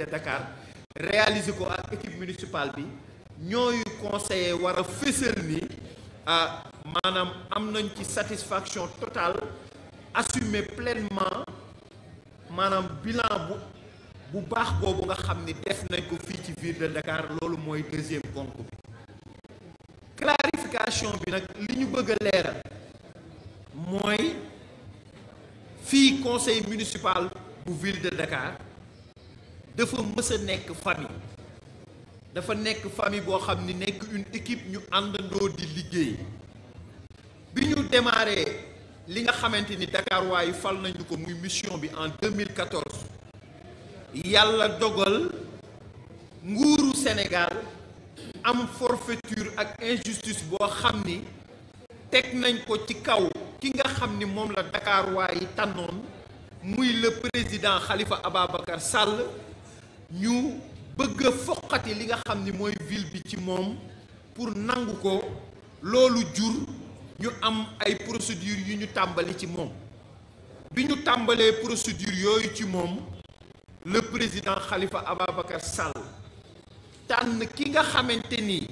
de Dakar réalisé ko ak équipe municipale bi ñooyu conseiller war a fësal ni ah, maanaam am ci satisfaction totale assumer pleinement Madame, bilan bu bu baax boobu nga xam def nañ ko fii ci ville de Dakar loolu mooy deuxième concours. clarification bi nag li ñu bëgg a conseil municipal la ville de Dakar dafa mës a famille dafa nek famille bo xamni nek une équipe ñu andando di liggéey bi ñu démarré li nga xamante Dakar waayu fal nañu ko muy mission bi en 2014 yalla dogal nguuru Sénégal am forfaiture ak injustice bo xamni tek nañ ko ci kaw ki nga xamni mom la Dakar waayu tànnoon muy le président Khalifa Ababakar Sall. ñu bëgg a foqati li nga xam ni mooy ville bi ci moom pour nangu ko loolu jur ñu am ay procédures yu ñu tàmbali ci moom bi ñu tàmbalee procédure yooyu ci moom le président Khalifa Ababacar Sall tànn ki nga xamante ni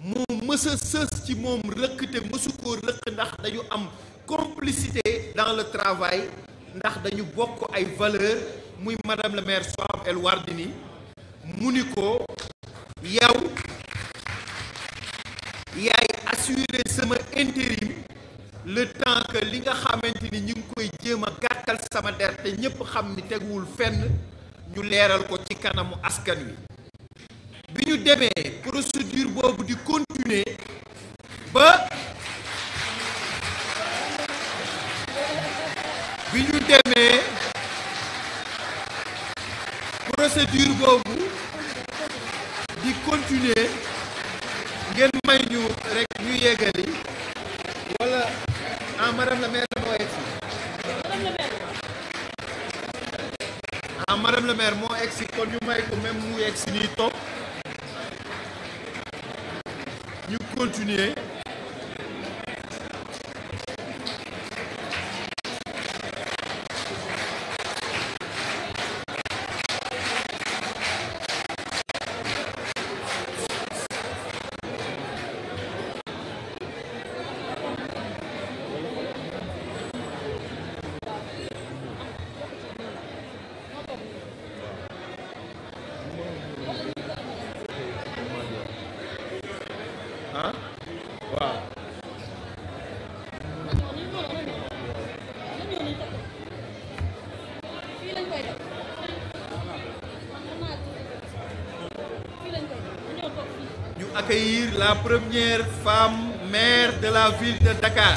mu mës sës ci moom rëkk te mësu koo rëkk ndax dañu am complicité dans le travail ndax dañu bokk ay valeurs muy madame le maire Soham El Wardini mu ni ko yow yaay assurer sama intérim le temps que li nga xamanteni ni ñu ngi koy jéem gattal sama der te ñepp xam ni teguwul fenn ñu léral ko ci kanamu askan wi biñu ñu procédure bobu di continuer ba procédure boobu di continuer ngeen may ñu rek ñu yeggali wala ah madame la maire moo egsi ah madame la maire moo egsi kon ñu may ko même mu egsi nii toog ñu continuer première femme maire de la ville de Dakar.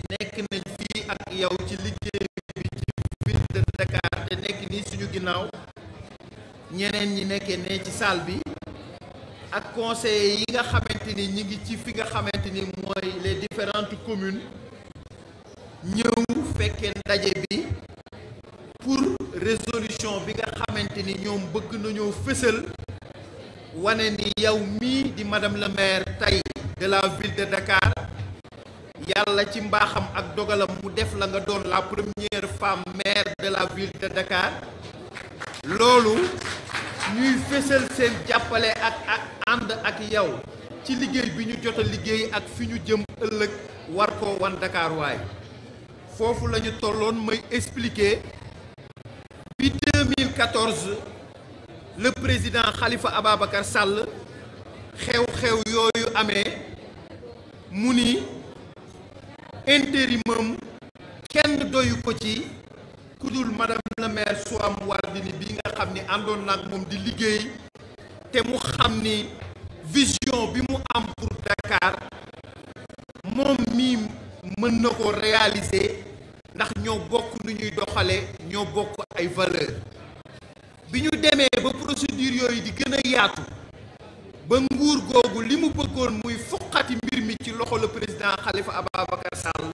ñeneen ñi nekkee ne ci salle bi ak conseillers yi nga xamante ni ñi ngi ci fi nga xamante ni les différentes communes ñëw fekkee ndaje bi pour résolution bi nga xamante ni ñoom bëgg nañoo fësal wane ni yow mii di madame le maire tey de la ville de Dakar yàlla ci mbaaxam ak dogalam mu def la nga doon la première femme maire de la ville de Dakar loolu nous faisons seen jàppale ak and ak yow ci liguey bi ñu jot liguey ak fiñu jëm ëlëk war ko wan Dakar way fofu la ñu may expliquer bi 2014 le président Khalifa ababakar Sall xew-xew yoyu amé muni ni kenn doyu ko ci kudul madame la maire am Wardini bi nga xam ni àndoon nag moom di liggéey te mu xam ni vision bi mu am pour Dakar moom mii mën na ko réaliser ndax ñoo bokk nu ñuy doxale ñoo bokk ay valeur bi ñu demee ba procédure yooyu di gën a yaatu ba nguur googu li mu bëggoon muy fuqati mbir mi ci loxo la président xalifa Ababacar Sall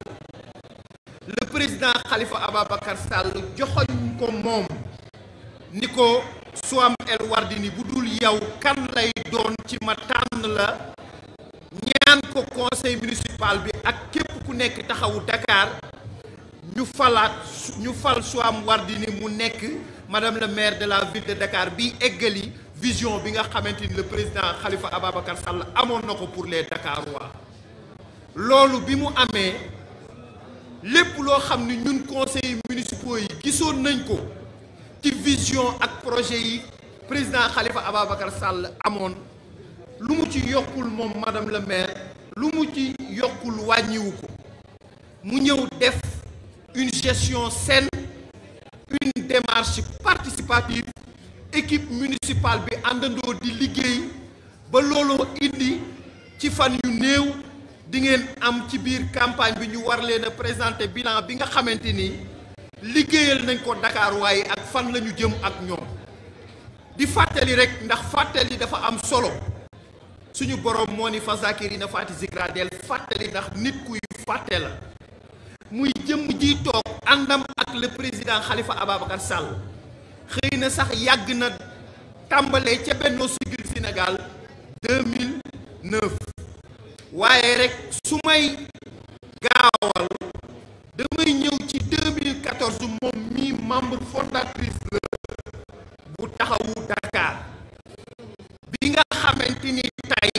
président Khalifa Ababakar Sall ko mom niko soam El Wardini budul yaw kan lay doon ci ma la ñaan ko conseil municipal bi ak ku Dakar ñu falat ñu fal soam Wardini mu nek, madame le maire de la ville de Dakar bi eggali vision bi nga le président Khalifa Ababakar Sall amon nako pour les Dakarois lolu bi mu amé. Les lo xamni ñun conseil municipal, yi nañ ko ci vision ak projet yi président Khalifa Ababakar Sall amone lu mu ci madame le maire lu mu ci def une gestion saine une démarche participative équipe municipale bi di liggéey indi ci fan di ngeen am ci biir campagne bi ñu war leen a présenter bilan bi nga xamante ni liggéeyal nañ ko Dakar waaye ak fan la ñu jëm ak ñoom di fàttali rek ndax fàttali dafa am solo suñu borom moo ni fazakirina fati zikra del fàttali ndax nit kuy fàtte la muy jëm ji toog àndam ak le président Khalifa Ababacar Sall xëy na sax yàgg na tàmbalee ca Benno Siggil Sénégal 2009 waaye rek su may gaawal damay ñëw ci 2014 moom mii membre fondatrice la bu taxawu Dakar bi nga xamante ni tey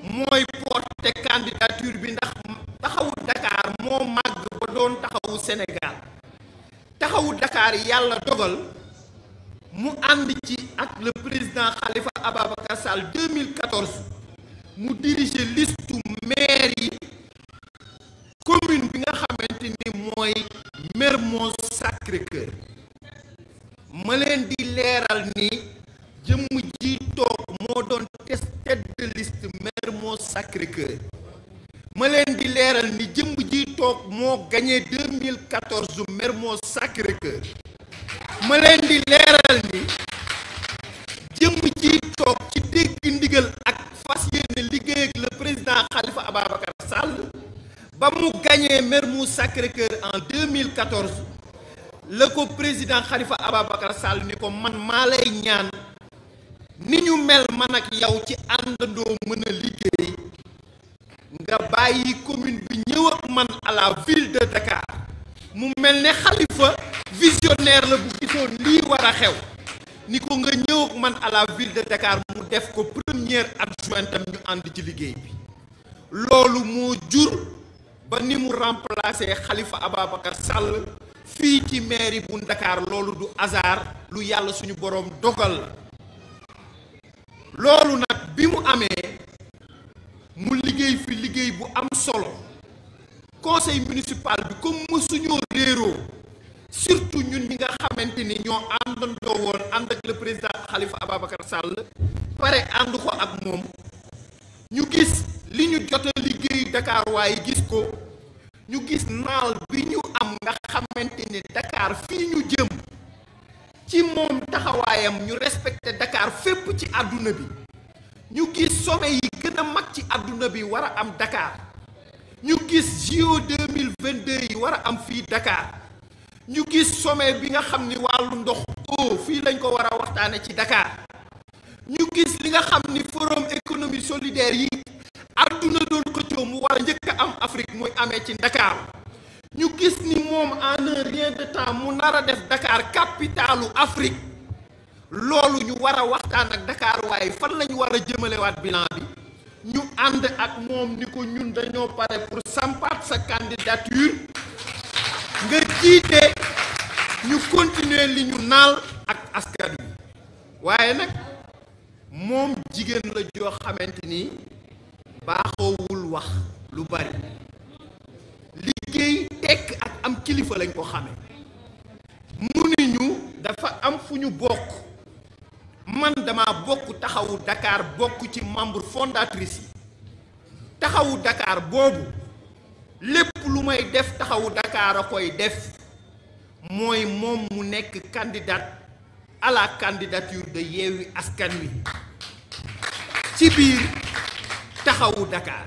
mooy porter candidature bi ndax taxawu Dakar moo màgg ba doon taxawu Sénégal taxawu Dakar yàlla dogal mu ànd ci ak le président Khalifa Ababacar Sall 2014. mu diriger liste maire yi commune bi nga xamante ni mooy Mermoz Sacré-Cœur ma leen di leeral ni jëmm ji toog moo doon tête de liste Mermoz Sacré-Cœur ma leen di leeral ni jëmm ji moo gagné 2014 Mermoz Sacré-Cœur ma leen di leeral toog ci dégg ndigal ak fas de liguer ak le président Khalifa Ababacar Sall ba gagner gagné Mermoz Sacré-Cœur en 2014 Le co président Khalifa Ababacar Sall n'est ko man malay lay ñaan ni mel man ak ci àndandoo mën a liggéey nga bayyi commune bi ñew ak man à la ville de Dakar mu mel ne Khalifa visionnaire le bu gisoon li wara xew ni nga ñew ak man à la ville de Dakar def ko première adjointam ñu ànd ci liggéey bi loolu moo jur ba ni mu remplacer Khalifa Ababacar Sall fii ci mairie bu Ndakaar loolu du hasard lu yàlla suñu boroom dogal la loolu nag bi mu amee mu liggéey fi liggéey bu am solo conseil municipal bi comme mësuñoo réeroo surtout ñun ñi nga xamante ni ñoo àndandoo woon ànd ak le président Khalifa Ababacar Sall pare ànd ko ak moom ñu gis li ñu jot a liggéeyu Dakar waaye gis ko ñu gis naal bi ñu am nga xamante ni Dakar fii ñu jëm ci moom taxawaayam ñu respecté dakaar fépp ci àdduna bi ñu gis sommet yi gën mag ci àdduna bi war a am Dakar ñu gis JO 2022 yi war a am fii Dakar ñu gis sommet bi nga xam ni wàllu ndox o fii lañ ko war a waxtaane ci dakaar ñu gis li nga xam ni forum économie solidaire yi àdduna doon xëccoo mu war njëkk am Afrique muy amee ci Dakar ñu gis ni moom en un rien de temps mu nar def Dakar capitalu Afrique loolu ñu war a waxtaan ak Dakar waaye fan lañu war a jëmalewaat bilan bi ñu ànd ak moom ni ko ñun dañoo pare pour sampaat sa candidature nga jiite ñu continuer li ñu naal ak askan wi waaye nag moom jigéen la joo xamante ni baaxoowul wax lu bari liggéey tekk ak am kilifa lañ ko xame mu ni ñu dafa am fu ñu bokk man dama bokk taxawu Dakar bokk ci membre fondatrice yi taxawu Dakar boobu lépp lu may def taxawu Dakar a koy def Moi, mon mu candidat à la candidature de Yewwi Askan Wi ci biir taxawu Dakar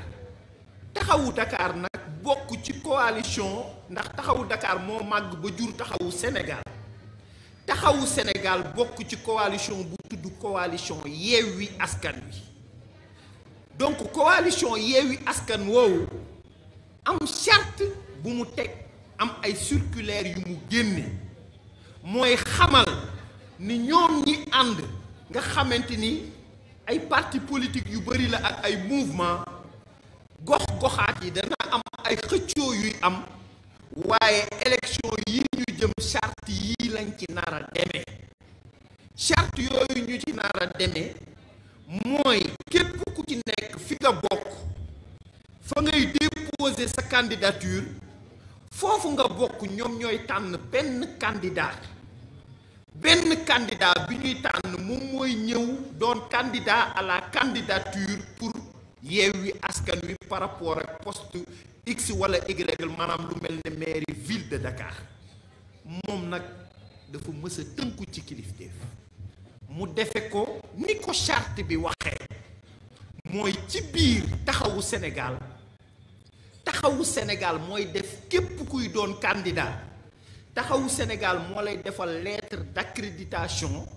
taxawu Dakar nag bokk ci coalition ndax taxawu Dakar moo mag, ba jur taxawu Sénégal taxawu Sénégal beaucoup ci coalition bu tudd coalition Yewwi Askan Wi donc coalition Yewwi Askan woowu am charte bu mu am ay circulaire yu mu génne mooy xamal ni ñoom ñi ànd nga ni ay parti politique yu bëri la ak ay mouvement gox goxaat yi dana am ay xëccoo yuy am waaye élection yi ñu jëm charte yii lañ ci nar a demee charte yooyu ñu ci nar a demee képp ku ci nekk déposer sa candidature foofu nga bokk ñoom ñooy tànn benn candidat benn candidat bi ñuy tànn moom mooy ñëw doon candidat à la candidature pour Yewwi Askan Wi par rapport ak poste x wala y maanaam lu mel ni mairie ville de Dakar moom nag dafa mës a tënku ci kilifteef mu defe ko ni ko charte bi waxee mooy ci biir taxawu Sénégal taxawu Sénégal mooy def képp kuy doon candidat taxawu Sénégal moo lay defal lettre d'accréditation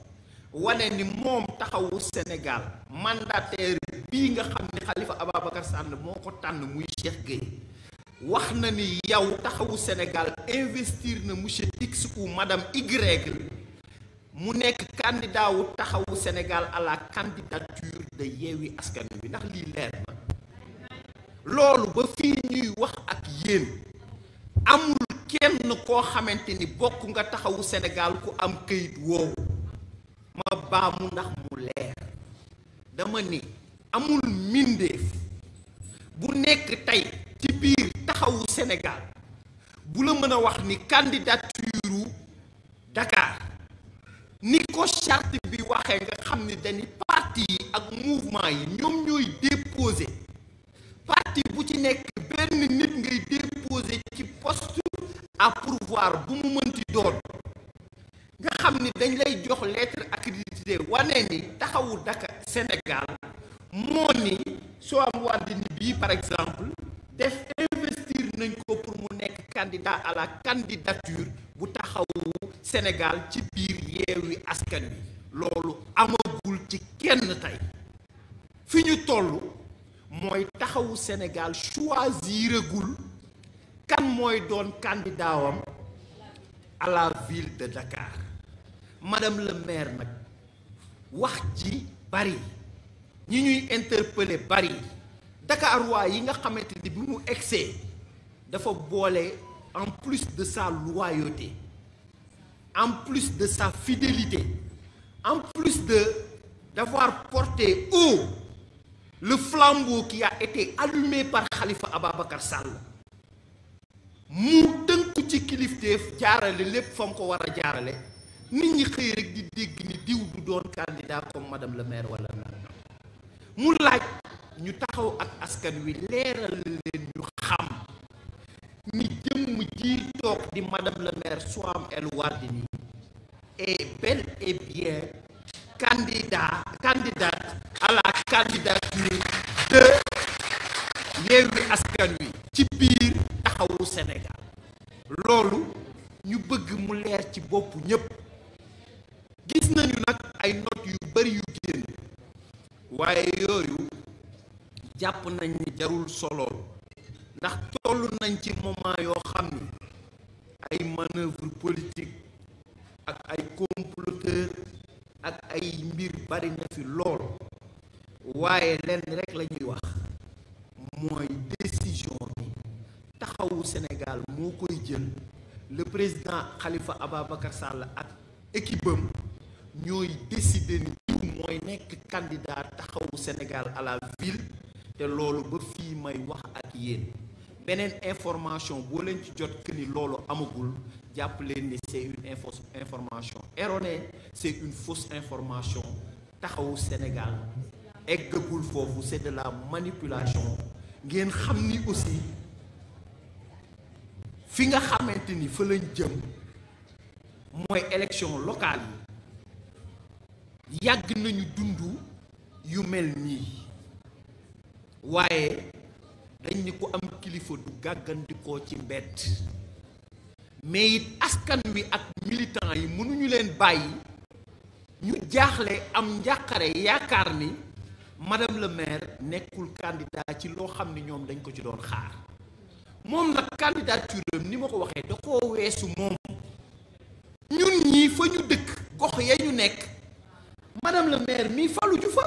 wane ni moom taxawu Sénégal mandataire bii nga xam ni Khalifa Ababacar Sall moo ko tànn muy Cheikh Gueye wax na ni yow taxawu Sénégal investir na monsieur X ou madame Y mu nekk candidat wu taxawu Sénégal à la candidature de Askan Wi ndax lii leer na loolu ba fii ñuy wax ak yéen amul kenn koo xamante ni bokk nga taxawu Sénégal ku am këyit woowu ma baamu ndax mu leer dama ni amul mbindeef bu nekk tey ci biir taxawu Sénégal bu la mën a wax ni candidature Dakar ni ko charte bi waxee nga xam ni dañu parti yi ak mouvement yi ñoom ñooy déposé parti bu ci nek ben nit ngay déposer ci poste à pourvoir bu mu meunti doon nga xamni dañ lay jox lettre accrédité wané ni taxawu Dakar Sénégal moo ni soo am wadini bi par exemple def investir nañ ko pour mu nek candidat à la candidature bu taxawu Sénégal ci biir yeewi askan bi lolu amagul ci kenn tay fiñu tollu moy au Sénégal goul kan moy donne candidat à la ville de Dakar madame le maire vous wax ci bari ñi ñuy interpeller bari Dakar roi yi nga xamante bi mu dafa en plus de sa loyauté en plus de sa fidélité en plus de d'avoir porté haut le flambeau qui a été allumé par Khalifa Ababakar Sall mu tënku ci kilifteef jaarale lépp fa mu ko war a nit ñi xëy di dégg ni diw du doon candidat comme madame le maire wala nangam mu laaj ñu taxaw ak askan wi leeral leen ñu xam ni dem ji tok di madame le maire Soham El Wardini est bel et bien candidat, candidate à la candidature de Yewwi Askanoui, Wi ci biir Taxawu Sénégal loolu ñu bëgg mu leer ci bopp ñépp gis nañu nag ay notes yu bari yu génn waaye yooyu jàpp nañ ni jarul solool ndax toll nañ ci moment yoo xam ni ay manœuvre politique ak ay ak ay mbir bari na fi lool waaye lenn rek la ñuy wax mooy décision bi taxawu Sénégal moo koy jël le président xalifa Ababacar Sall ak équipe am ñooy décider ni mooy nekk candidat taxawu Sénégal à la ville te loolu ba fii may wax ak yéen. beneen information bo len ci jot que ni lolo amagul japp len ni c'est une info information erronée c'est une fausse information taxaw Sénégal eggul fofu c'est de la manipulation ngeen xamni aussi fi nga xamante ni fa lañ jëm élection locale yag nañu dund yu mel ni waaye dañ ni ko am kilifa du gàggandikoo ci mbedd mais it askan wi ak militant yi mënuñu leen bàyyi ñu jaaxle am njàqare yaakaar ni madame le maire nekkul candidat ci loo xam ni ñoom dañ ko ci doon xaar moom nag candidature ni ma ko waxee da koo weesu moom ñun ñii fa ñu dëkk gox ya ñu nekk madame le maire mii faluju fa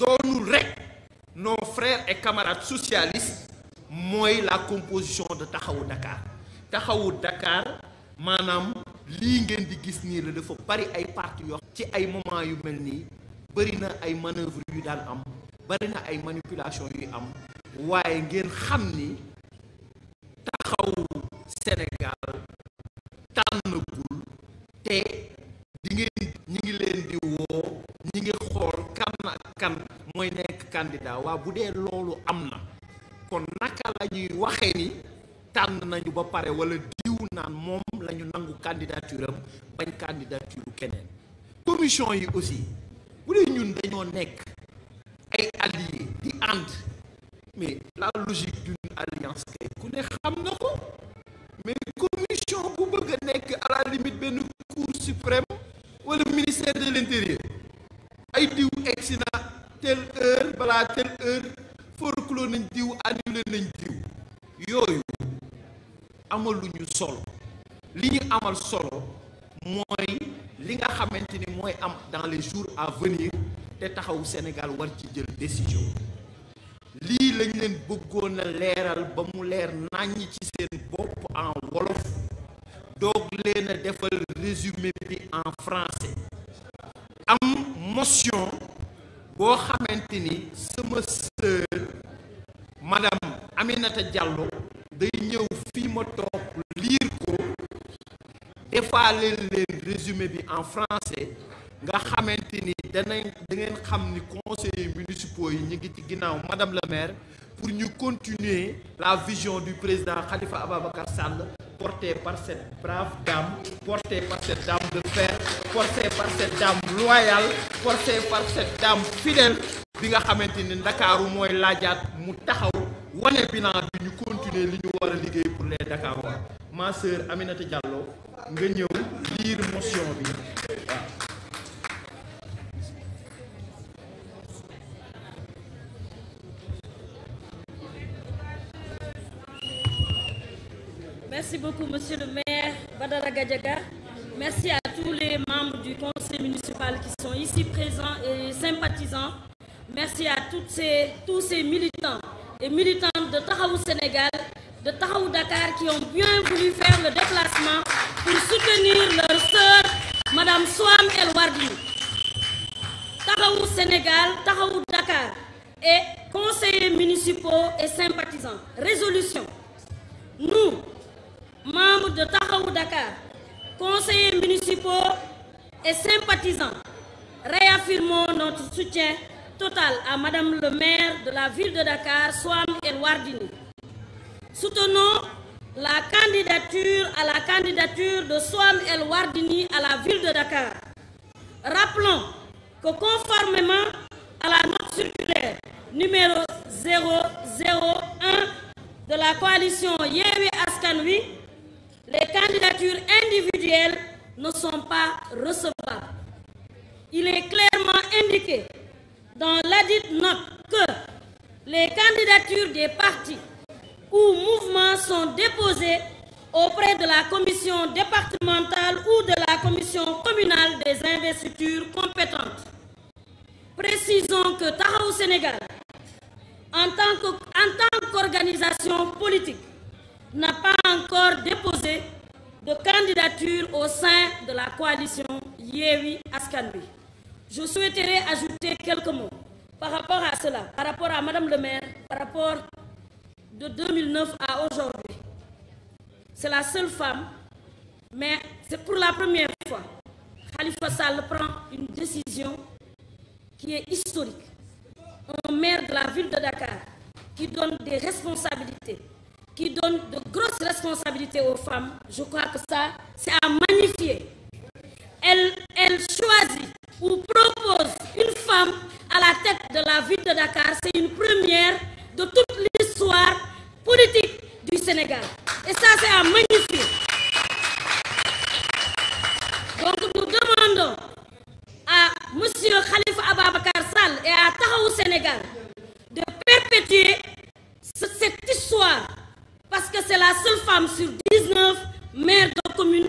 doonul rek nos frères et camarades socialistes mooy la composition de taxawu Dakar taxawu Dakar maanaam lii ngeen di gis nii la dafa bari ay parti yoo ci ay moment yu mel nii bari na ay manœuvre yu daan am bari na ay manipulation yu am waaye ngeen xam ni candidat waa bu dee loolu am na kon naka la waxe waxee ni tànn nañu ba pare wala diw naan moom lañu ñu nangu candidature am bañ candidature keneen taxawu Sénégal war ci jël décision li lañ leen bëggona léral ba mu lér nañ ci seen bop en wolof dog leen a defal résumé bi en français am motion bo xamanteni sama sœur madame Aminata Diallo day ñëw fi ma top lire ko defaa leen leen résumé bi en français nga xamanteni ni dana madame la maire pour nous continuer la vision du président Khalifa Ababacar Sall portée par cette brave dame portée par cette dame de fer portée par cette dame loyale portée par cette dame fidèle bi nga xamante ni Ndakaaru est la mu taxaw nous continuer li ñu war pour les Dakarois ma sœur Aminata Diallo nous venons lire motion Merci beaucoup, Monsieur le maire Badara Merci à tous les membres du conseil municipal qui sont ici présents et sympathisants. Merci à tous ces militants et militantes de Tahaou Sénégal, de Tahaou Dakar qui ont bien voulu faire le déplacement pour soutenir leur sœur, Madame Swam El Wardi. Tahaou Sénégal, Tahaou Dakar et conseillers municipaux et sympathisants. Résolution. Nous, membres de Tahaou Dakar, conseillers municipaux et sympathisants, réaffirmons notre soutien total à Madame le maire de la ville de Dakar, Swam El Wardini. Soutenons la candidature à la candidature de Swam El Wardini à la ville de Dakar. Rappelons que conformément à la note circulaire numéro 001 de la coalition Yewi Askanui, les candidatures individuelles ne sont pas recevables. Il est clairement indiqué dans ladite note que les candidatures des partis ou mouvements sont déposées auprès de la commission départementale ou de la commission communale des investitures compétentes. Précisons que Tahaou Sénégal, en tant qu'organisation politique, n'a pas encore déposé de candidature au sein de la coalition Yewi Askanbi. Je souhaiterais ajouter quelques mots par rapport à cela, par rapport à Madame le maire, par rapport de 2009 à aujourd'hui. C'est la seule femme, mais c'est pour la première fois. Khalifa Sall prend une décision qui est historique. Un maire de la ville de Dakar qui donne des responsabilités qui donne de grosses responsabilités aux femmes, je crois que ça, c'est à magnifier. Elle, choisit ou propose une femme à la tête de la ville de Dakar. C'est une première de toute l'histoire politique du Sénégal. Et ça, c'est à magnifier. Donc, nous demandons à M. Khalifa Ababakar Sall et à Tahaou Sénégal de perpétuer cette histoire parce que c'est la seule femme sur 19 maires de communes,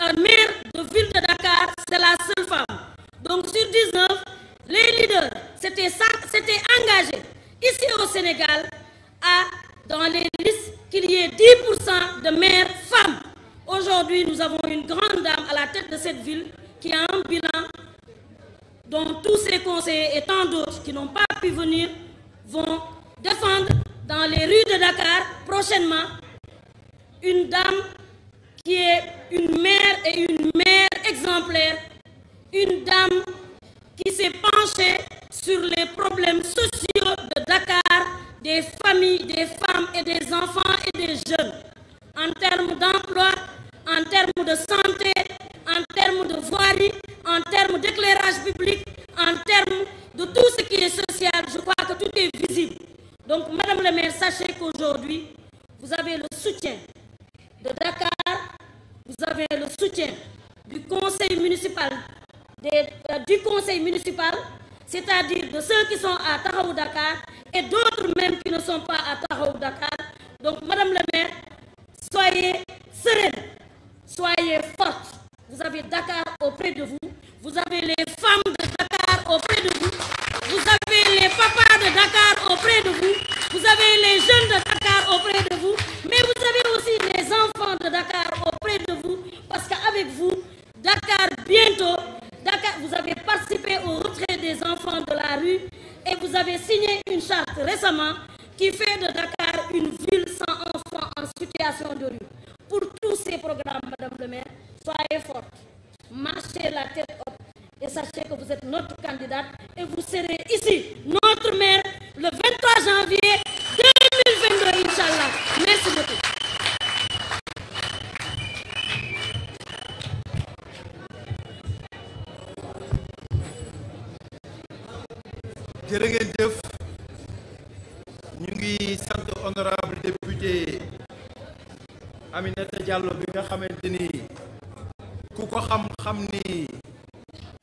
euh, maire de ville de Dakar, c'est la seule femme. Donc sur 19, les leaders c'était s'étaient engagés ici au Sénégal à, dans les listes, qu'il y ait 10% de maires femmes. Aujourd'hui, nous avons une grande dame à la tête de cette ville qui a un bilan dont tous ses conseillers et tant d'autres qui n'ont pas pu venir vont défendre dans les rues de Dakar prochainement une dame qui est une mère et une mère exemplaire, une dame qui s'est penchée sur les problèmes sociaux de Dakar, des familles, des femmes et des enfants et des jeunes, en termes d'emploi, en termes de santé, en termes de voirie, en termes d'éclairage public, en termes de tout ce qui est social. Je crois que tout est mais sachez qu'aujourd'hui, vous avez le soutien de Dakar, vous avez le soutien du conseil municipal, euh, du conseil municipal, c'est-à-dire de ceux qui sont à Tahou Dakar et d'autres même qui ne sont pas à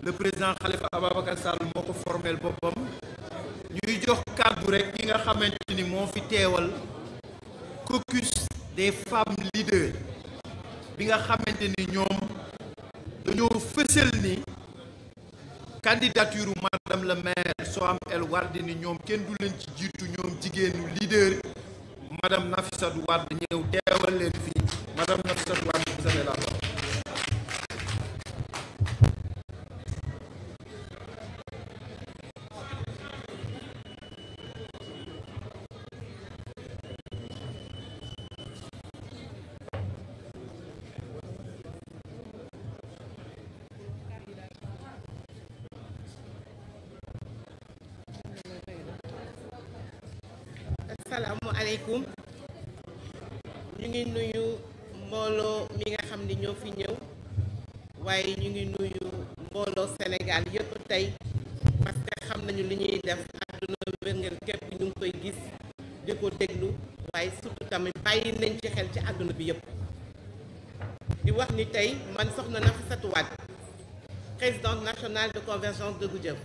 le président Khalifa Ababakar Sall moko formel bopam ñuy jox kàddu rek ñi nga xamanteni mo fi teewal caucus des femmes leaders bi nga xamanteni ñom dañu fessel ni candidature madame le maire Soham El Wardini ñom kenn du leen ci jittu ñom jigéenu leader madame Nafissatou Wade ñew teewal leen fi madame Nafissatou Wade vous avez la parole aleykum ñu ngi nuyu mbolo mi nga xamni ni ñoo fi ñëw waaye ñu ngi nuyu mbolo Sénégal yépp tay parce que xam nañu li ñuy def àdduna wërngël képp ñu koy gis di ko déglu waye surtout tamit bàyyi nañ ci xel ci aduna bi yépp di wax ni tay man soxna na fa satu wat présidente nationale de convergence de Goudiaby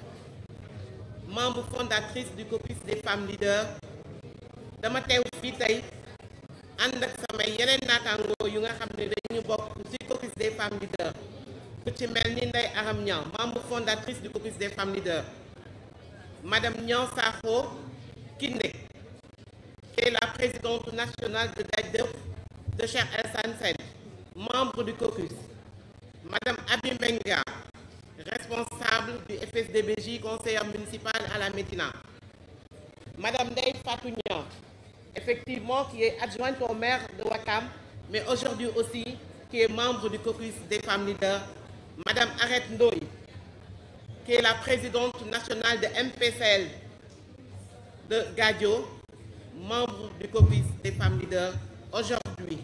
membre fondatrice du caucus des femmes leaders dama teew fii tey ak samay yeneen yu nga dañu caucus des femmes leaders Petit ci mel Aram membre fondatrice du caucus des femmes leaders madame Nyan Sarko, Kinde qui est la présidente nationale de Dajdef de cher El Sène membre du caucus madame Abimenga, responsable du FSDBJ conseillère municipale à la Médina madame Ndeye Fatou effectivement, qui est adjointe au maire de Wakam, mais aujourd'hui aussi, qui est membre du caucus des femmes leaders. Madame Aret Ndoy, qui est la présidente nationale de MPCL de Gadio, membre du caucus des femmes leaders. Aujourd'hui,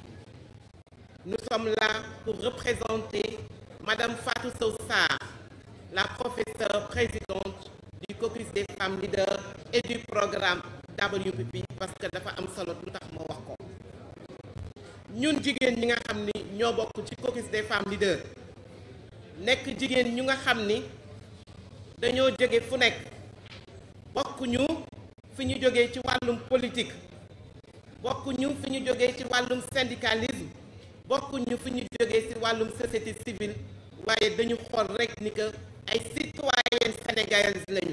nous sommes là pour représenter Madame Fatou Sossar, la professeure présidente du caucus des femmes leaders et du programme WPP parce que dafa am solo lu tax moo wax ko ñun jigéen ñi nga xam ni ñoo bokk ci caucus des femmes leaders nekk jigéen ñu nga xam ni dañoo jege fu nekk bokkuñu fi ñu jógee ci wàllum politique bokkuñu fi ñu jógee ci wàllum syndicalisme bokkuñu fi ñu jógee ci wàllum société civile waaye dañu xool rek ni que ay citoyennes sénégalaises lañu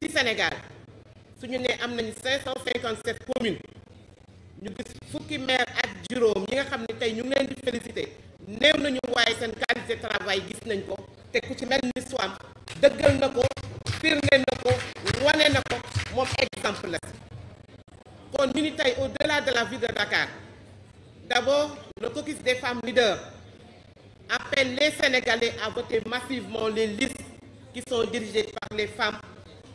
Si Sénégal su ñu ne am nañ 557 communes ñu gis fukki maire ak juróom yi nga xam ne tey ñu ngi leen di félicité néew nañu waaye seen qualité travail gis nañ ko te ku ci mel ni Soham dëggal na ko firndeel na ko wane na ko moom exemple la kon ñu au-delà de la ville de Dakar d'abord le caucus des femmes leaders appelle les Sénégalais à voter massivement les listes qui sont dirigées par les femmes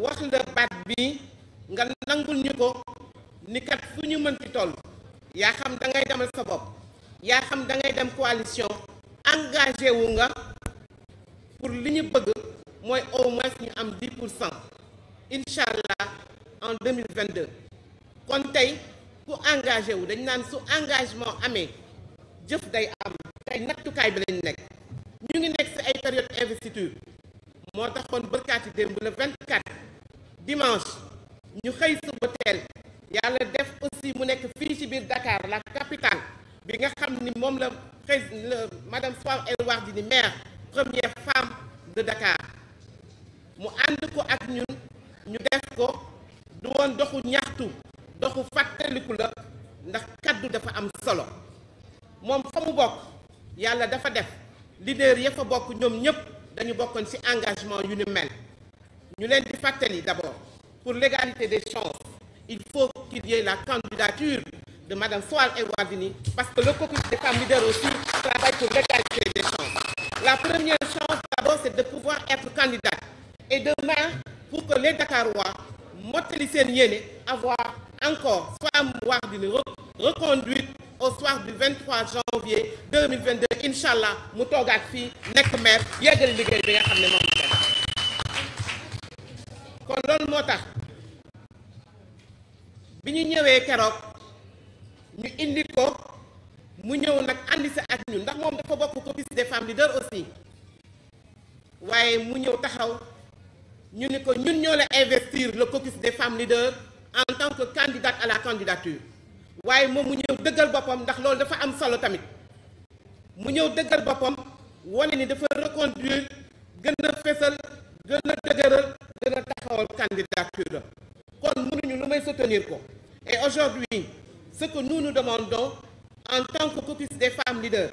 wax la baat bi nga nangul ñu ko ni kat fu ñu mën ci toll yaa xam da ngay demal sa bopp yaa xam da ngay dem coalition engagé wu nga pour li ñu bëgg mooy au moins ñu am 10 pour cent incha allah en 2022 kon tey ku engagé wu dañ naan su engagement amee jëf day am tey nattukaay bi lañ nekk ñu ngi nekk ci ay période investiture moo taxoon bërkaati démb le 24 dimanche ñu xëy suba teel yàlla def aussi mu nekk fii ci biir Dakar la capitale bi nga xam ni la prés madame Soham El Wardini maire première femme de Dakar mu ànd ko ak ñun ñu def ko du woon doxu ñaxtu doxu fàttaliku la ndax kaddu dafa am solo moom fa mu bokk yàlla dafa def leader ya fa bokk ñoom ñëpp. Nous avons un engagement humain. Nous mel dit fait d'abord pour l'égalité des chances il faut qu'il y ait la candidature de Mme Soal et Wadini parce que le caucus des femmes leaders aussi travaille pour l'égalité des chances. La première chance d'abord c'est de pouvoir être candidate et demain pour que les Dakarois Motelissé seen aient avoir encore Soham Wardini reconduite au soir du 23 janvier 2022 Inch'Allah, allah mu toog ak fii nekk maire yeggali liggéey bi nga xam ne moom la kon loolu moo tax bi ñu indi ko mu ñëw nak andi ak ñun ndax mom dafa bokk des femmes leaders aussi waaye mu ñëw taxaw ñu ni ko ñun ñoo investir le caucus des femmes leaders en tant que candidate à la candidature waye moom mu ñew deugal bopam ndax loolu dafa am solo tamit mu ñew deugal bopam wane ni dafa reconduire gën fessel fesal gën a dëgëral taxawal candidature kon mënu ñu lumay soutenir ko et aujourd'hui ce que nous nous demandons en tant que caucus des femmes leaders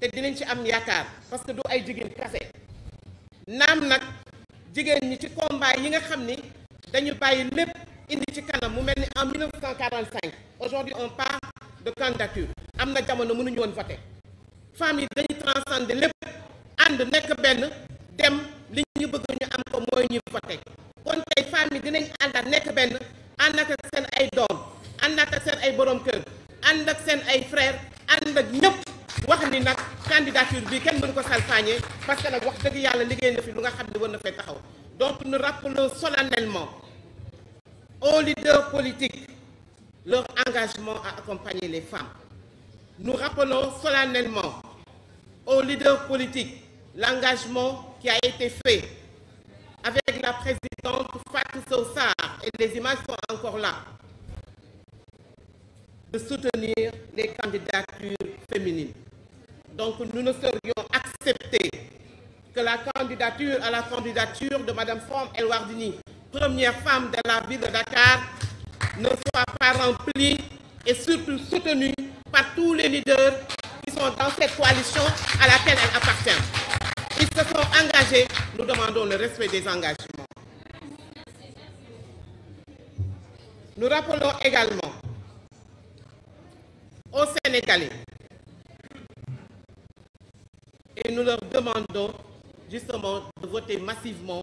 té dinañ ci am yaakaar parce que du ay jigen kase nam nak jigen ñi ci combat yi nga xamni dañu bayyi lepp indi ci kanam mu mel en 1945 aujourd'hui on part de candidature Amna na jamono mënuñu woon voté femmes yi dañuy transcender lépp ànd nekk dem li ñu bëgg ñu am ko mooy ñuy voté kon tey femmes yi dinañ ànd ak nekk benn ànd ak seen ay doom ànd ak seen ay borom kër ànd ak seen ay frères ak ñëpp wax ni candidature bi kenn mënu ko parce que la wax dëgg yàlla liggéey na fi lu nga xam ne na fay taxaw donc nous rappelons solennellement aux leaders politiques leur engagement à accompagner les femmes. Nous rappelons solennellement aux leaders politiques l'engagement qui a été fait avec la présidente Fatou Sossar, et les images sont encore là, de soutenir les candidatures féminines. Donc nous ne serions acceptés que la candidature à la candidature de Mme Forme Elwardini première femme de la ville de Dakar, ne soit pas remplie et surtout soutenue par tous les leaders qui sont dans cette coalition à laquelle elle appartient. Ils se sont engagés, nous demandons le respect des engagements. Nous rappelons également aux Sénégalais et nous leur demandons justement de voter massivement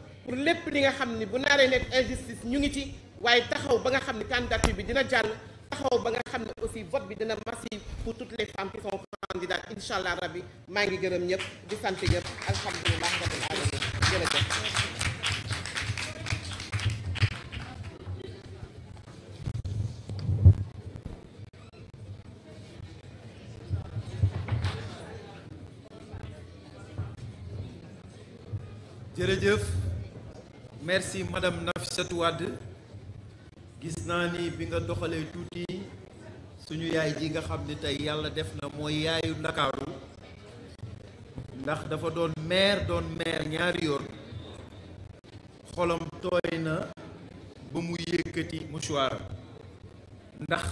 pour lepp li nga xamni bu naaree nek injustice ñu ngi ci waye taxaw ba nga xamni candidature bi dina jall taxaw ba nga xamni aussi vote bi dina massif pour toutes les femmes qui sont candidates inshallah rabbi ma ngi gëreum ñëpp di sant ñëpp alhamdoulillah rabbil alamin jërëjëf jërëjëf merci madame Nafissatou Wade gis naa ni bi nga doxalee tuuti suñu yaay ji nga xam ni tey yàlla def na mooy yaayu ndakaaru ndax dafa doon maire doon maire ñaari yoon xolom tooy na ba mu yëkkati mouchoir ndax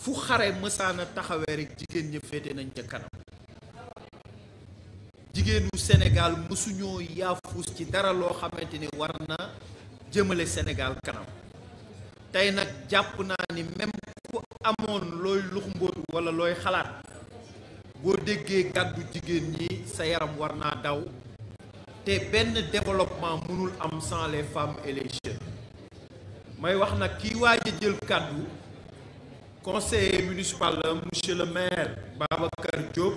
fu xare na taxawee rek jigéen ñi féete nañ ca kanam jigéenu Sénégal mësuñoo yaafus ci dara loo xamante ni war na jëmale Sénégal kanam tey nag jàpp naa ni même ku amoon looy lux wala looy xalaat boo déggee kàddu jigéen ñi sa yaram war naa daw te benn développement mënul am sans les femmes et may wax nag kii waaj a jël kàddu conseiller municipal monsieur le maire Babacar Diop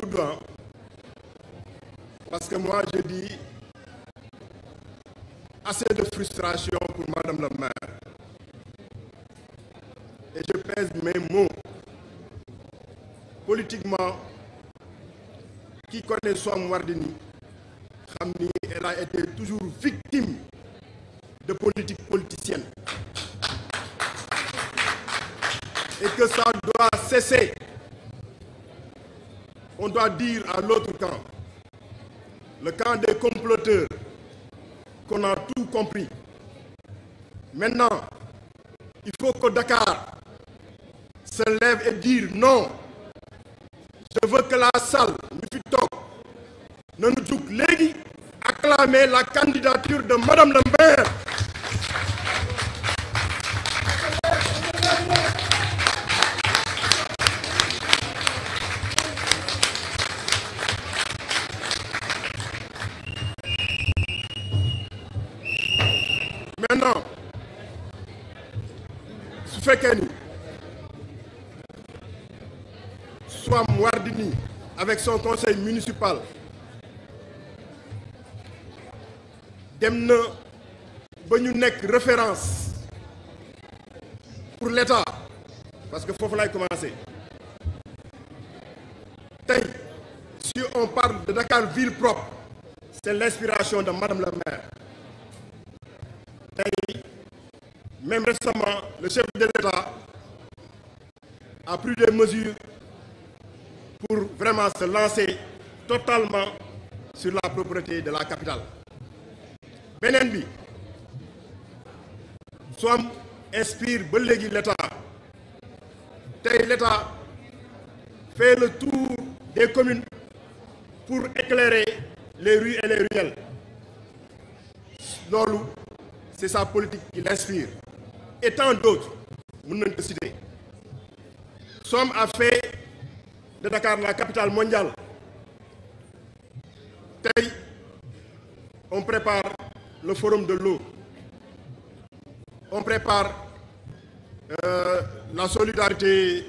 pour Madame la maire. Et je pèse mes mots. Politiquement, qui connaît soit Mouardini elle a été toujours victime de politique politicienne. Et que ça doit cesser. On doit dire à l'autre camp, le camp des comploteurs, qu'on a tout compris, Maintenant, il faut que Dakar se lève et dise non. Je veux que la salle, Mifitok, ne nous joue légui acclamer la candidature de Madame Lambert. Maintenant, Fekeni. soit Mouardini, avec son conseil municipal Demne, na référence pour l'État parce qu'il faut que commencer si on parle de Dakar ville propre c'est l'inspiration de madame la maire même récemment le chef de l'État a pris des mesures pour vraiment se lancer totalement sur la propriété de la capitale Béninbi, bi inspire ba l'État l'État fait le tour des communes pour éclairer les rues et les ruelles non c'est sa politique qui l'inspire et tant d'autres nous nous décidons. Somme à fait de Dakar la capitale mondiale on prépare le forum de l'eau on prépare euh, la solidarité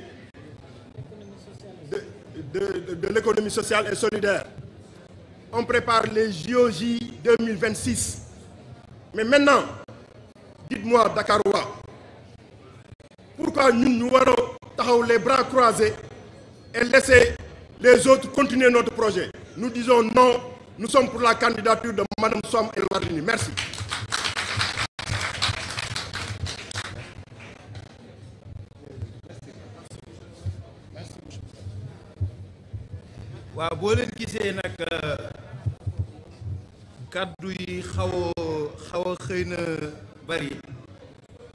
de, l'économie sociale et solidaire on prépare les JOJ 2026 mais maintenant dites-moi Dakarois pourquoi nous, pas nous les bras croisés et laisser les autres continuer notre projet nous disons non nous sommes pour la candidature de Madame Souam et merci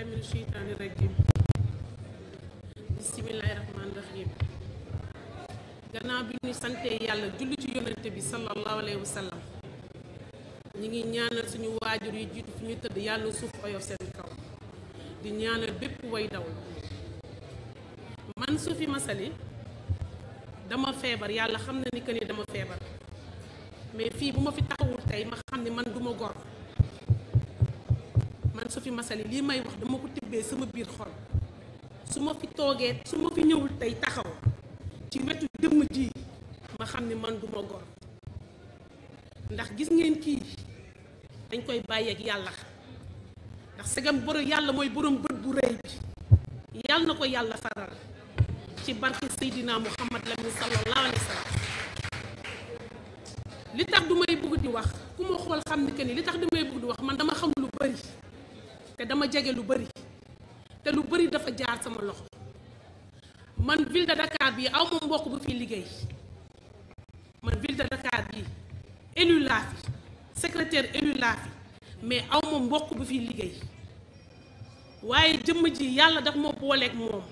بالله من الشيطان الرجيم بسم الله الرحمن الرحيم غنا بني سانتي يالا جولي سي يونتي بي صلى الله عليه وسلم نيغي نيانال سونو واجور يي جيتو فيني تاد يالا سوف اويو سين كاو دي نيانال بيب واي داو مان سوفي مسالي داما فيبر يالا خامنا ني كاني داما فيبر مي في بوما في تاخول تاي ما خامني مان دوما غور man fi masali lii may wax dama ko tibbee sama biir xol su ma fi toogee su ma fi ñëwul tey taxaw ci wetu jëmm ji ma xam ne man duma gor ndax gis ngeen kii dañ koy bàyyeeg yàlla ndax segam borom yàlla mooy borom bët bu rëy bi yàlla na ko yàlla faral ci barke Seydina Muhammad Lamin sallallahu alayhi wa sallam li tax du may di wax ku ma xool xam ni que li tax du may di wax man dama xamul te dama jege lu bari te lu bari dafa jaar sama loxo man ville de Dakar bii mbokk bu fi liggéey man ville de Dakar bii élu laa fi élu laa mais awma ma mbokk bu fi liggéey waaye jëmm ji yàlla daf ma booleeg moom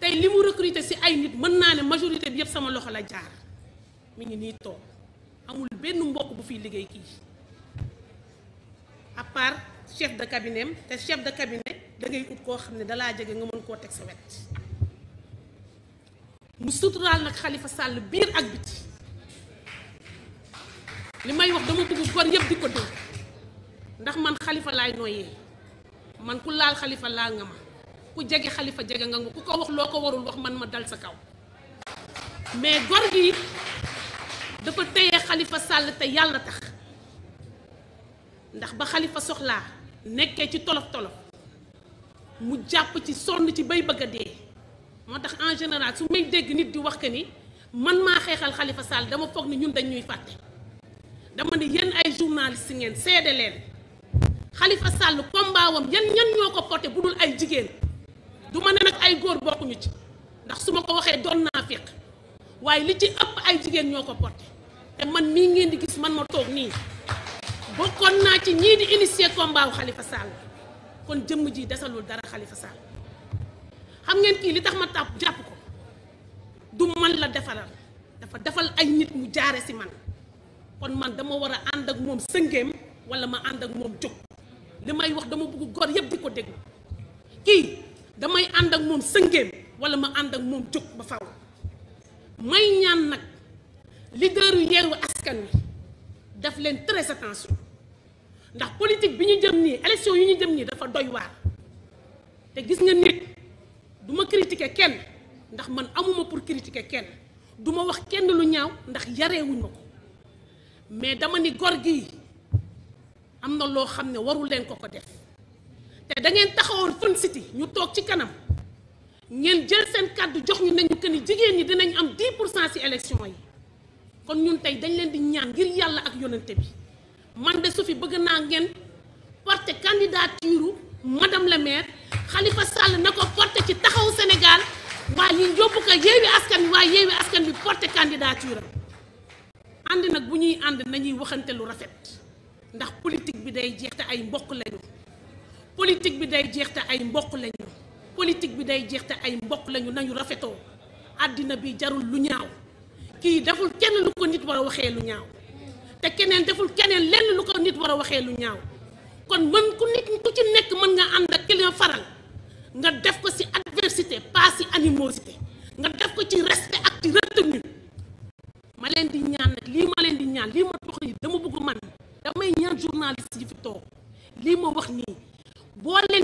tey li mu recruter ci ay nit mën naa ne majorité bi yëpp sama loxo la jaar mi ngi nii toog amul benn mbokk bu fi liggéey kii chef de cabinet te chef de cabinet da ngay ut koo xam ne dalaa jege nga mën ko tek sa wet mu sutural nak Khalifa Sall bir ak bit limay wax dama bëgg góor yëpp diko do ndax man Khalifa lay noyé man ku laal Khalifa la nga ma ku jege Khalifa jege nga ma ku ko wax loko warul wax man ma dal sa kaw mais gor gi dafa téye Khalifa Sall te yàlla tax ndax ba xalifa soxlaa nekkee ci tolof tolof mu jàpp ci sonn ci bay bëgg a dee moo tax en général su may dégg nit di wax que ni man maa xeexal xalifa sàll dama foog ni ñun dañ ñuy fàtte dama ne yenn ay journaliste ngeen seede leen xalifa sàll combat wam yan ñan ñoo ko porté bu dul ay jigéen du ma ne nag ay góor bokkuñu ci ndax su ma ko waxee doon naa féq waaye li ci ëpp ay jigéen ñoo ko porté te man mii ngeen di gis man ma toog nii bokkoon naa ci ñii di initier combat wu Khalifa Sall kon jëmm ji desalul dara xalifa Sall xam ngeen kii li tax ma tàpp jàpp ko du man la defaral dafa defal ay nit mu jaare si man kon man dama war a ànd ak moom sëngeem wala ma ànd ak moom jóg li wax dama bëgg góor yëpp di ko kii damay ànd ak moom sëngeem wala ma ànd ak moom jóg ba faw may ñaan nag leader yu yeewu askan wi daf leen très attention ndax politique biñu jëm ni élection yu ñu jëm ni dafa doy waar té gis nga nit duma critiquer kenn ndax man amuma pour critiquer kenn duma wax kenn lu ñaaw ndax yaré wuñ mako mais dama ni gor gi amna lo xamné xam warul leen ko ko def té da ngeen taxawoon Fun City ñu tok ci kanam ñeen jël seen cadeau jox ñu nañu que ni ñi dinañ am 10 ci élection yi kon ñun tay dañ leen di ñaan ngir yalla ak yonenté bi man de su fi bëgg naa ngeen porter candidature madame la maire Khalifa Sall na ko porter ci taxawu senegal waa ñu yóbbu ko yeewi askan wi waa yeewi askan bi porter candidature am ànd nag bu ñuy ànd nañuy waxante lu rafet ndax politique bi day jeex te ay mbokk lañu politique bi day jeexte ay mbokk lañu politique bi day jeex te ay mbokk lañu nañu rafetoo àddina bi jarul lu ñaaw kii deful kenn lu ko nit waa waxee lu ñaaw. te keneen deful keneen lenn lu ko nit war a waxee lu ñaaw kon mën ku nit ku ci nekk mën nga ànd ak ki la faral nga def ko ci adversité pas ci animosité nga def ko ci respect ak ci retenue ma leen di ñaan nag lii ma leen di ñaan lii ma dox nii dama bëgg man damay ñaan journaliste yi fi toog lii ma wax nii boo leen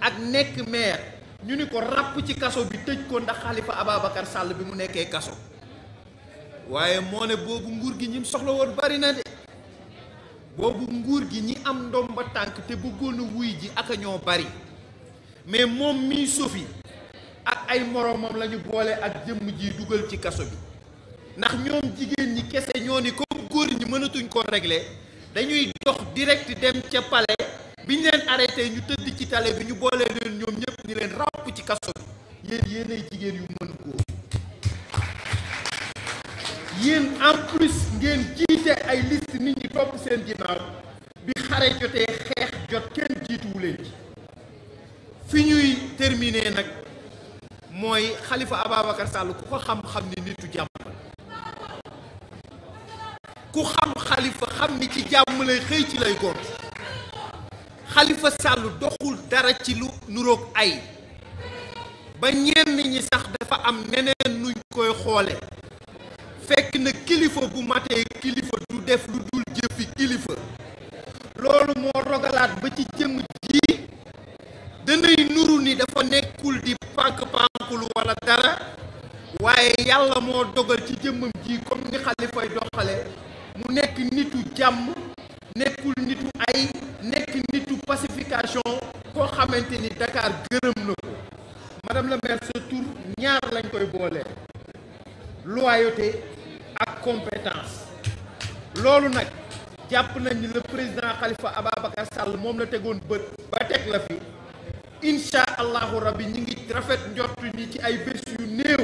ak nekk maire ñu ni ko ràpp ci kaso bi tëj ko ndax Xalifa Ababacar sàll bi mu nekkee kaso waaye moo ne boobu nguur gi ñim soxla bari na de nguur gi ñi am ndomba tànk te bëggoon a wuy ji ak ñoo bari mais moom mii sofi ak ay moroomam lañu boole ak jëmm ji dugal ci kaso bi ndax ñoom jigéen ñi kese ñoo ni comme góor ñi mënatuñ ko régler dañuy dox direct dem ca palais biñ leen arrêté ñu tëdd ci tale bi ñu boole leen ñoom ñëpp ni leen ràpp ci kaso bi yéen yéenay jigéen yu mën góor yéen en plus ngeen jiite ay liste nit ñi topp seen ginnaaw bi xare jotee xeex jot kenn jiituwu leen ci fi ñuy terminer nag mooy xalifa Ababacar Sall ku ko xam-xam ni nitu jàmm ku xam Khalifa xam ni ci jàmm lay xëy ci lay gont xalifa sàll doxul dara ci lu nuroog ay ba ñenn ñi sax dafa am neneen nuñ koy xoole fekk na kilifa bu matee kilifa du def lu dul jëfi kilifa loolu moo rogalaat ba ci jëm ji danay nuru ni dafa nekkul di pànk-pànkul wala dara waaye yàlla moo dogal ci jëmmam ji comme ni xalifay doxale mu nekk nitu jàmm nekkul nitu ay nekk nit pacification koo xamante ni Dakar gërëm na ko madame la maire sa tour ñaar lañ koy boolee loyauté ak compétence loolu nag jàpp nañ ni le président Khalifa Ababacar Sall moom la tegoon bët ba teg la fi incha allahu rabbi ñi ngi rafet njortu ni ci ay bés yu néew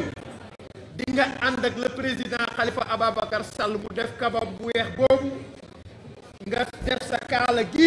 di nga ànd ak le président Khalifa Ababacar Sall mu def kabam bu weex boobu nga def sa kaala gi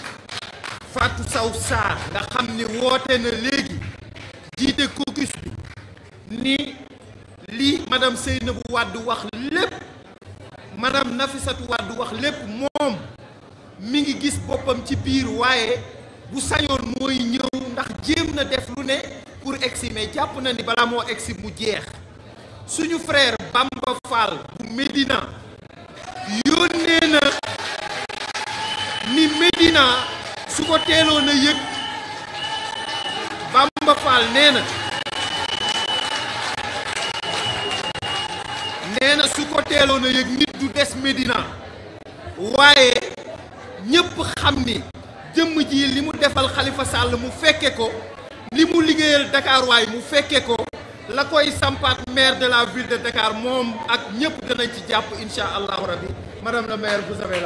Fatou Sow Sarr nga xam ni woote na léegi jiite caucus bi ni lii madame Seynabou Wade wax lépp madame Nafissatou Wade wax lépp moom mi ngi gis boppam ci biir waaye bu sañoon mooy ñëw ndax jéem na def lu ne pour egsi mais jàpp na ni balaa moo egsi mu jeex suñu frère Bamba Fall bu Médina yónnee na ni Médina su ko teeloo a yëg Bamba Fall nee na nee su ko teeloon a yëg nit du des Médina waaye ñépp xam ni jëmm ji li mu defal xalifa sàll mu fekke ko li mu liggéeyal Dakar mu fekke ko la koy sampaat maire de la ville de Dakar moom ak ñépp danañ ci jàpp incha allahu rabbi madame la maire vous avez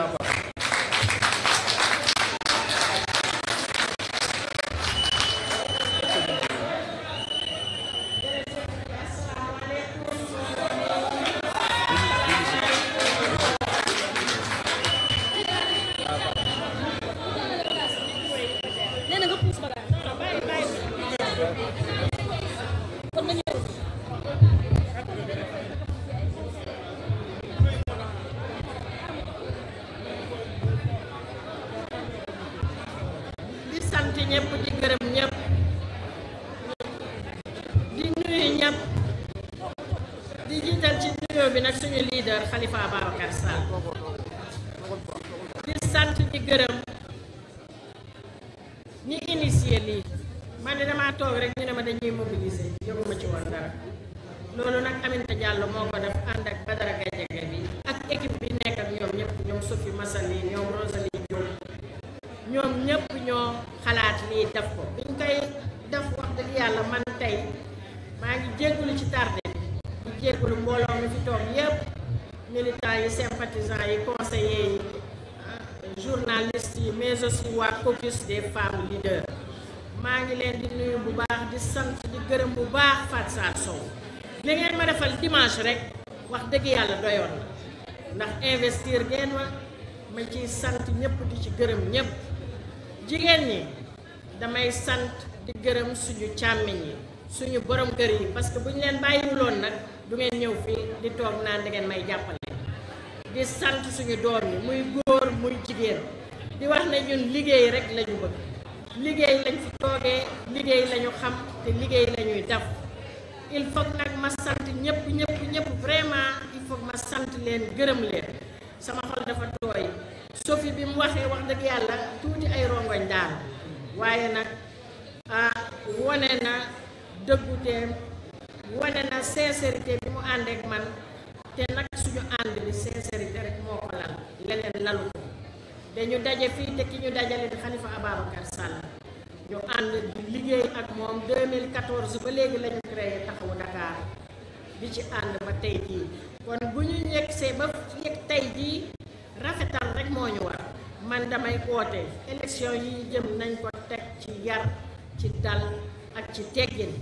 leader Khalifa Ababacar Sall di sant di gërëm ñi initié lii man de damaa toog rek ñu ne ma dañuy mobiliser yëguma ci woon dara loolu nag Aminata Diallo moo ko def ànd ak Badara Gadiaga bi ak équipe bi nekk ak ñoom ñëpp ñoom Sophie Massali ñoom Rosalie Diop ñoom ñoo xalaat lii def ko biñ koy def wax dëgg yàlla man tey maa ngi jéggulu ci tardé bi di jéggulu mbooloo mi fi toog yëpp militants yi sympathisants yi conseillers yi ah, journalistes yi mais aussi waa de des femmes leaders maa ngi leen di nuyu bu baax di sant di gërëm bu baax Fatou Sarr Sow li ngeen ma defal dimanche rek wax dëgg yàlla doyoon na ndax investir ngeen ma ma ciy sant ñëpp di ci gërëm ñëpp jigéen ñi damay sant di gërëm suñu càmmiñ yi suñu borom kër yi parce que bu ñu leen bàyyiwuloon nag. du ngeen ñëw fii di toog naan da ngeen may jàppale di sant suñu doom yi muy góor muy jigéen di wax ne ñun liggéey rek lañu bëgg liggéey lañ fi toogee liggéey lañu xam te liggéey lañuy def il faut nag ma sant ñëpp ñëpp ñëpp vraiment il faut ma sant leen gërëm leen sama xol dafa tooy Sophie bi mu waxee wax dëgg yàlla tuuti ay rongoñ daal waaye nag ah wone na dëgguteem wane na sincérité bi mu ànd man te nag suñu ànd bi sincérité rek moo ko lal leneen lalu ko dañu daje fii te ki ñu dajale di Khalifa Ababacar Sall ñu ànd di liggéey ak moom ba léegi lañu créé taxawu Dakar bi ci ànd ba tey jii kon bu ñu see ba yegg tey jii rafetal rek moo ñu war man damay oote élection yi jëm nañ ko teg ci yar ci dal ak ci teggin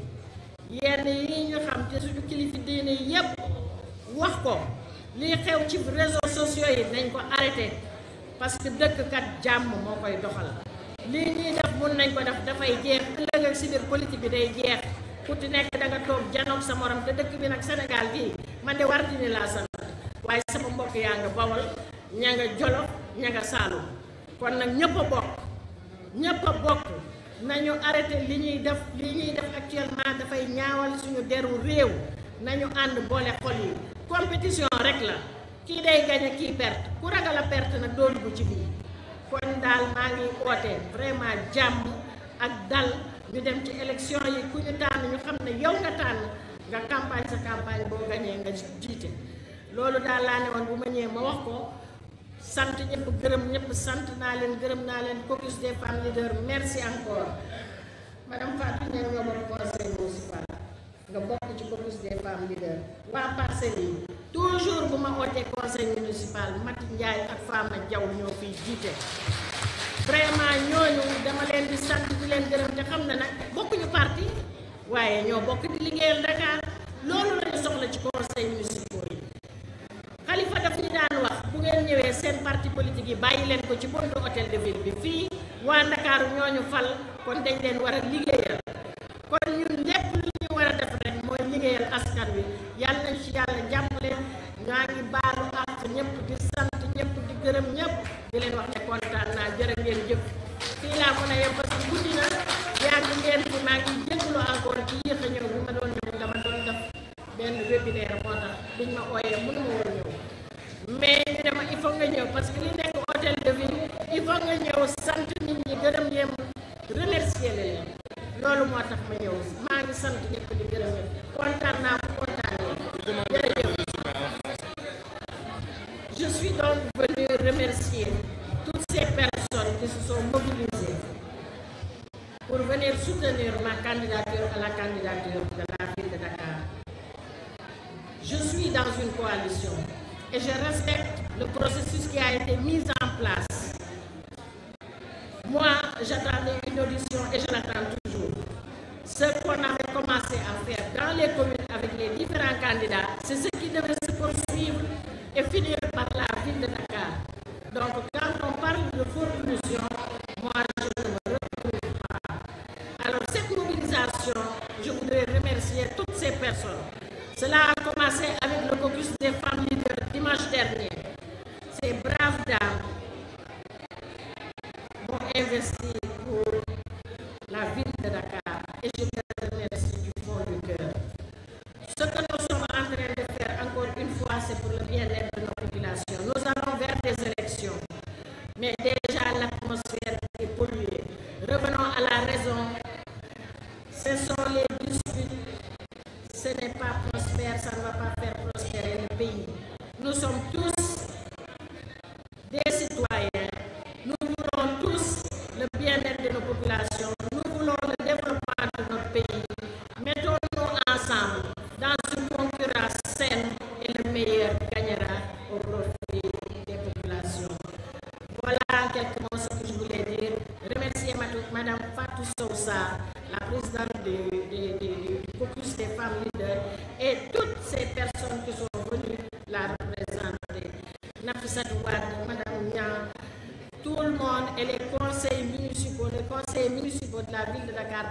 yenn yi ñu xam te suñu kilifi diine yépp wax ko li xew ci réseaux sociaux yi nañ ko arrêté parce que dëkkkat jàmm moo koy doxal lii ñuy def mun nañ ko def dafay jeex ëllëg ak si biir politique bi day jeex ku nekk da nga toog janoog sa morom te dëkk bi nag senegal gii man de war dini laa sant waaye sama mbokk yaa nga bawal ña nga jolo ña nga saalum kon nag ñëpp a bokk ñëpp a bokk nañu arrêté li ñuy def li ñuy def actuellement dafay ñaawal suñu deru réew nañu ànd boole xol yi compétition rek la kii day gañe kii perte ku ragal a perte nag doo dugg ci biir kon daal maa ngi oote vraiment jàmm ak dal ñu dem ci élection yi ku ñu tànn ñu xam ne yow nga tànn nga campagne sa campagne boo gañee nga jiite loolu daal laa ne woon bu ma ñëwee ma wax ko sant ñëpp gërëm ñëpp sant naa leen gërëm naa leen caucus des femmes leaders merci encore madame Fatou Ndiaye nga bokk conseil municipal nga bokk ci caucus des femmes leaders waa Parcelles yi toujours bu ma ootee conseil municipal Mati Ndiaye ak Fama Diaw ñoo fiy jiite vraiment ñooñu dama leen di sant di leen gërëm te xam na nag bokkuñu parti waaye ñoo bokk di liggéeyal Dakar loolu lañu soxla ci conseil municipal xalifa daf ñu daan wax bu ngeen ñëwee seen parti politique yi bàyyi leen ko ci buntu hôtel de ville bi fii waa Ndakaaru ñooñu fal kon dañ leen war a liggéeyal kon ñun lépp lu ñu war a def rek mooy liggéeyal askan wi yàlla nañ ci yàlla jàppale ñaa ngi baalu àq ñëpp di sant ñëpp di gërëm ñëpp di leen wax ne kontaan naa jërë ngeen jëf fii laa mën a yem parce que ce n'est pas prospère, ça ne va pas faire prospérer le pays. Nous sommes tous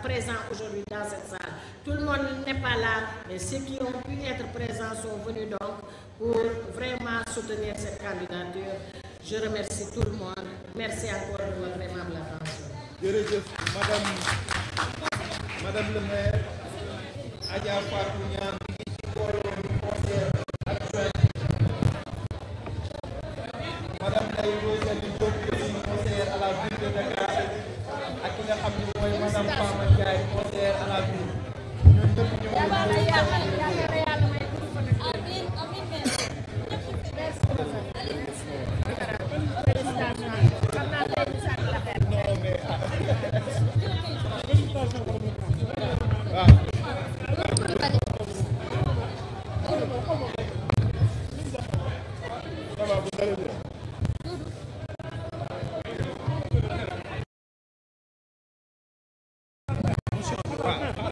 présents aujourd'hui dans cette salle. Tout le monde n'est pas là, mais ceux qui ont pu être présents sont venus donc pour vraiment soutenir cette candidature. Je remercie tout le monde. Merci encore de votre aimable attention. Madame, le maire,